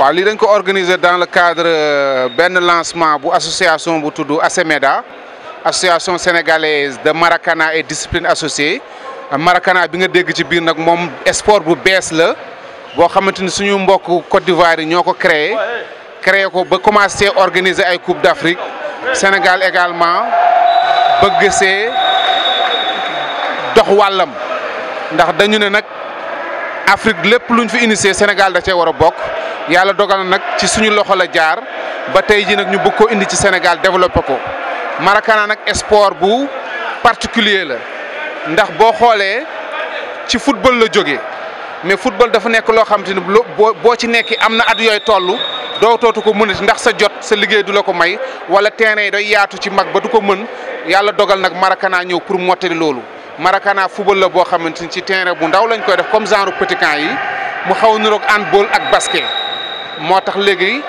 waaw lii dañ ko organiser dans le cadre euh, benn lancement bu association bu tudd ASEMEDA association sénégalaise de maracana et discipline associée maracana bi nga dégg ci biir nag moom sport bu bees la boo xamante ni suñu mbokk Côte d'Ivoire yi ñoo ko créé créé ko ba commencé organiser ay coupe d'Afrique Sénégal également bëgg see dox wàllam ndax dañu ne nag. Afrique lépp lu ñu fi initié Sénégal da cee war a bokk yàlla dogal na nag ci suñu loxo la jaar ba tey ji nag ñu bugg koo indi ci Sénégal développé ko Marakana nag sport bu particulier la ndax boo xoolee ci football la jóge mais football dafa nekk loo xam te ne boo ci nekki am na at yooyu toll doo tootu ko mënati ndax sa jot sa liggéey du la ko may wala terrain yi day yaatu ci mag ba du ko mën yàlla dogal nag Marakana ñëw pour mottali loolu Maracana football la boo xamante ni ci terrain bu ndaw lañ koy def comme genre petit yi mu xaw a niroog handball ak basket moo tax léegi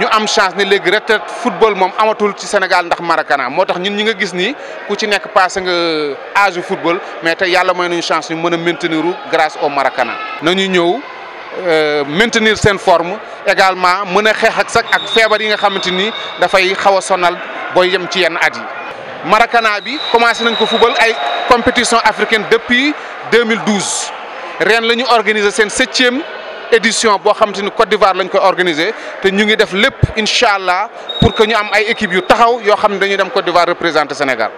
ñu am chance ne léegi retraite football moom amatul ci Sénégal ndax Maracana moo tax ñun ñi nga gis ni ku ci nekk passé nga âge football mais te yàlla may nañu chance ñu mën a maintenir grâce au Maracana. nañu ñëw euh, maintenir seen forme également mën a xeex ak sax ak feebar yi nga xamante ni dafay xaw a sonal booy yem ci yenn at yi. Maracana bi commencé nañ ko football ay compétition africaine depuis 2012 ren lañu organisé sen 7 e édition de la Côte d'Ivoire lañ koy organiser té ñu ngi def pour que ñu am ay équipe. yu taxaw yo dem Côte d'Ivoire représenter Sénégal.